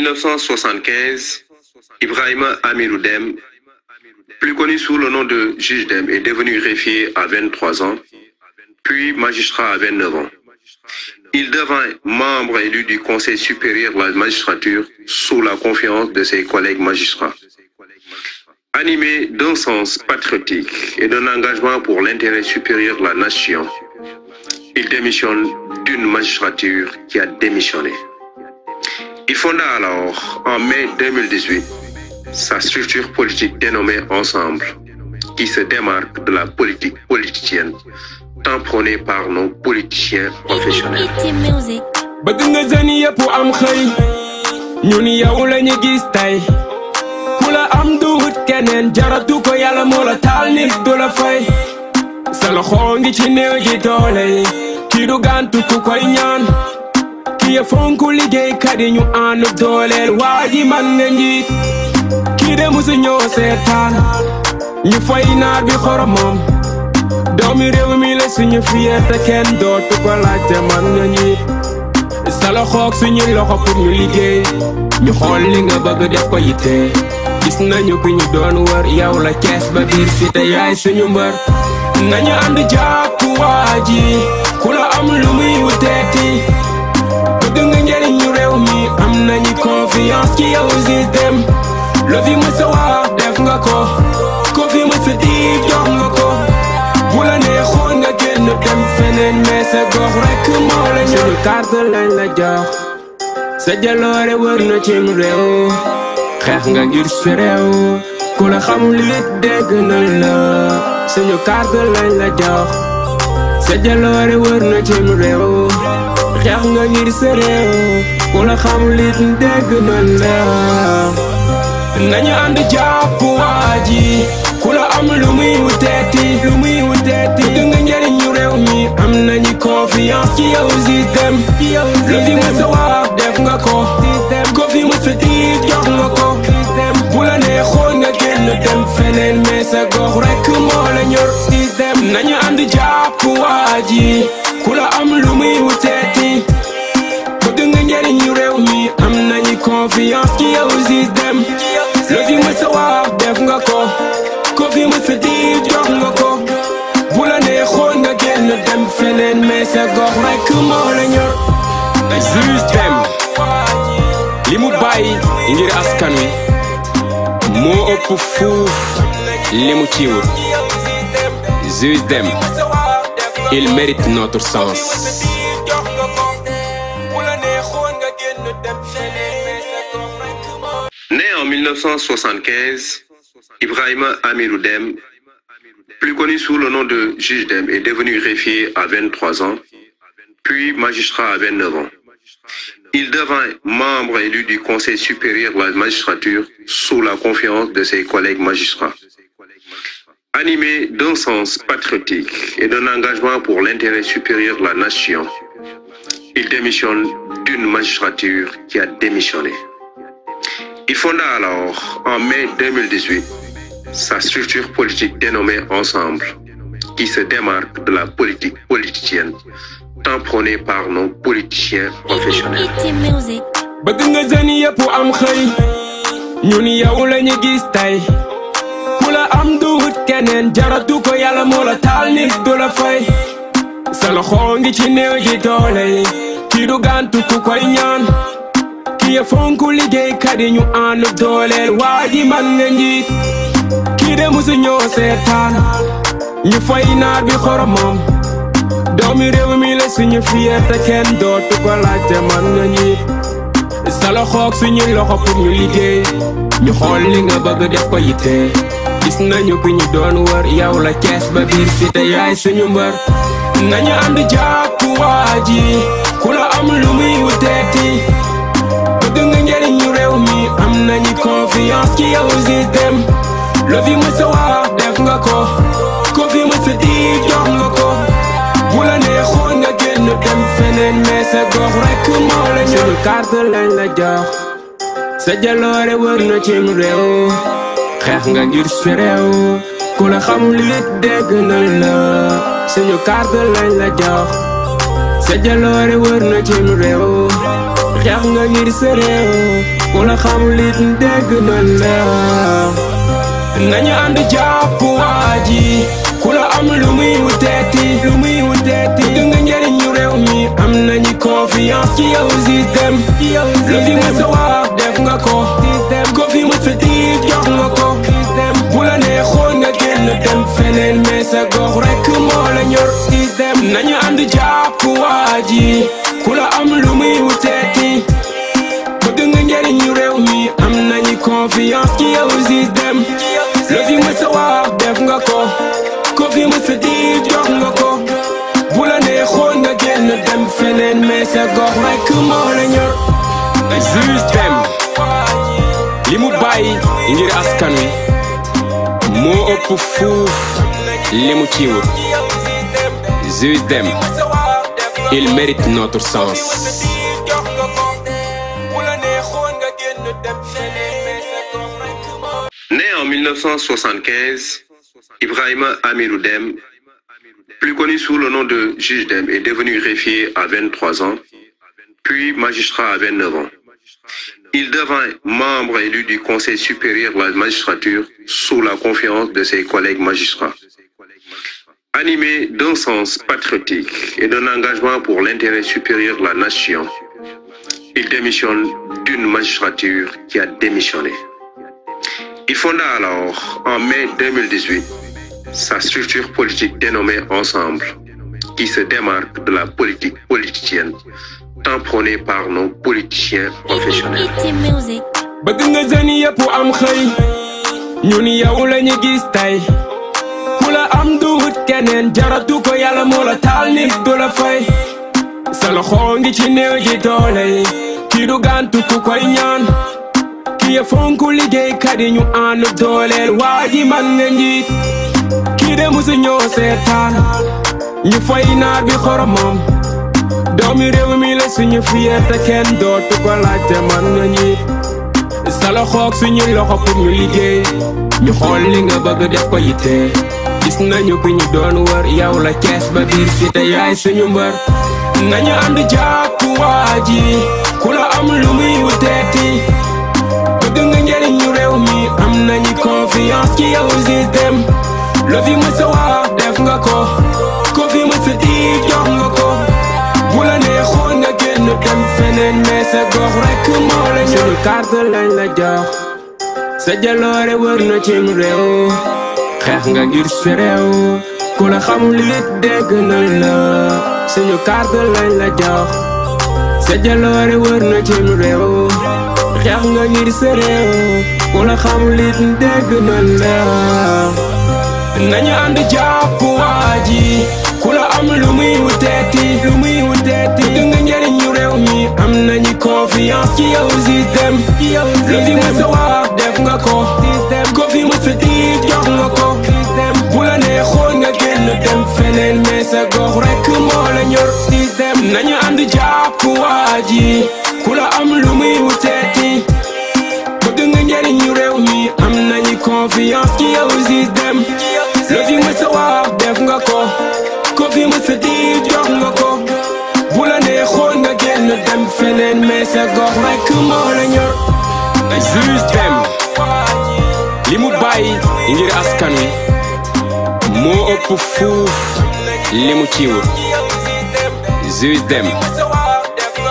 1975, Ibrahima Amirudem, plus connu sous le nom de Juge Dem, est devenu greffier à 23 ans, puis magistrat à 29 ans. Il devint membre élu du Conseil supérieur de la magistrature sous la confiance de ses collègues magistrats. Animé d'un sens patriotique et d'un engagement pour l'intérêt supérieur de la nation, il démissionne d'une magistrature qui a démissionné. Il fonda alors, en mai 2018, sa structure politique dénommée Ensemble, qui se démarque de la politique politicienne, tant par nos politiciens professionnels. Iya fonku liggéeykat yi ñu anu doler waa ji man nga njiit kii de musu ñoo seetaan ñu fay naar bi xoromam doomi réew mi la suñu fierté kenn dootu ko laajte man nga njiit sa loxoog suñu loxo pour ñu liggéey ñu xool li nga bëgg def ko yitte gis nañu la ba am lu confiance ki yow gis dem loo fi mës a def nga ko ko fi mës a jox nga ko bu la nee nga génn dem feneen mais gox rek moo la ñor suñu lañ wër na cim réew xeex nga ngir sa réew la xamul it dégg na la suñu lañ wër na cim réew xeex nga ngir sa ku la xam lit dégg na la nañu ànd jàpp waa ji ku la am lu muy wuteeti lu muy wuteeti bëgg nga njëriñu réew mi am nañu confiance ci yow système lu fi mës a wax def nga ko ko fi mës a diit jox nga ko bu la nee xool nga génn dem feneen mais sa gox rek moo la ñor système nañu ànd jàpp waa feneen mais sa gox rek moo la ñor Julius Dem limu mu ngir askan wi mo ëpp fuuf limu mu ci wut Julius Dem il mérite notre sens Né en 1975, Ibrahima Amirou Dem plus connu sous le nom de juge d'Em, est devenu greffier à 23 ans, puis magistrat à 29 ans. Il devint membre élu du Conseil supérieur de la magistrature sous la confiance de ses collègues magistrats. Animé d'un sens patriotique et d'un engagement pour l'intérêt supérieur de la nation, il démissionne d'une magistrature qui a démissionné. Il fonda alors, en mai 2018, sa structure politique dénommée Ensemble, qui se démarque de la politique politicienne tant prônée par nos politiciens professionnels. de musu ñoo seetaan ñu fay naar bi xoromam doomi réew mi la suñu fierté kenn dootu ko laajte man nga ñi loxo pour ñu liggéey ñu xool li nga bëgg def ko yitte gis nañu ki ñu doon wër yaw la kees ba biir cité yaay suñu mbër nañu ànd jàpp waa ji ku la am lu muy wuteeti bëgg nga njëriñu réew mi am nañu confiance ci yow si dem lu fi mës a wax nga ko ko fi mës a diig jox nga ko bu la nee xool nga génn dem feneen mais gox rek moo la ñor suñu carte lañ la jox sa jaloore wër na cim réew xeex nga ngir sa réew la xamul it dégg na la nañu ànd jàpp waa ji ku la am lu muy wuteeti lu muy wuteeti di nga njëriñu réew mi am nañu confiance ci yow système lu ko ko a diig jox nga ko bu la nee xool nga génn dem feneen mais sa gox rek ñor système nañu ànd jàpp waa ji ku la am lu muy wuteeti bëgg nga njëriñu réew mi am nañu confiance ci yow système feneen mais sa gox rekk moo la ñor juge dem li mu bàyyi ngir askan wi mo ëpp fuuf limu mu ci wut juge il mérite notre sens Né en 1975, Ibrahima Amirou Dem plus connu sous le nom de juge d'Em, est devenu greffier à 23 ans, puis magistrat à 29 ans. Il devint membre élu du Conseil supérieur de la magistrature sous la confiance de ses collègues magistrats. Animé d'un sens patriotique et d'un engagement pour l'intérêt supérieur de la nation, il démissionne d'une magistrature qui a démissionné. Il fonda alors, en mai 2018, sa structure politique dénommée Ensemble, qui se démarque de la politique politicienne, tant prônée par nos politiciens professionnels. ñi de musu ñoo seetaan ñu fay naar bi xoromam doomi réew mi la suñu fierté kenn dootu ko laajte man nga ñi sa loxoog suñu loxo pour ñu liggéey ñu xool li nga bëgg def ko yitte gis nañu ki ñu doon wër yow la kees ba biir si te yaay suñu mbër nañu ànd jàpp waa ku la am lu muy wuteeti bëgg nga njëriñu réew mi am nañu confiance ci yow si la fi mës a def nga ko ko fi mës a jox nga ko bu la nga génn dem feneen mais sa gox rek moo la ñor lañ la jox sa jaloore wër na cim réew xeex nga la xamul it dégg lañ la jox sa jaloore wër la xamul nañu ànd jàpp waa ji ku la am lu muy mu lu muy wuteeti dégg nga njëriñ ñu réew mi am nañu confiance ci yow système lu fi mës a wax def nga ko ko fi mës a jox nga ko bu la nee xool nga génn dem feneen mais gox rek moo ñor système nañu ànd jàpp waa sa def nga ko ko fi mës a jox nga ko bu la nee xool nga génn dem feneen mais sa gox rekk moo la ñor Aziz Dème li mu bàyyi ngir askan wi moo ëpp fuuf li mu ci wut Aziz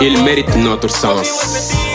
il mérite notre sens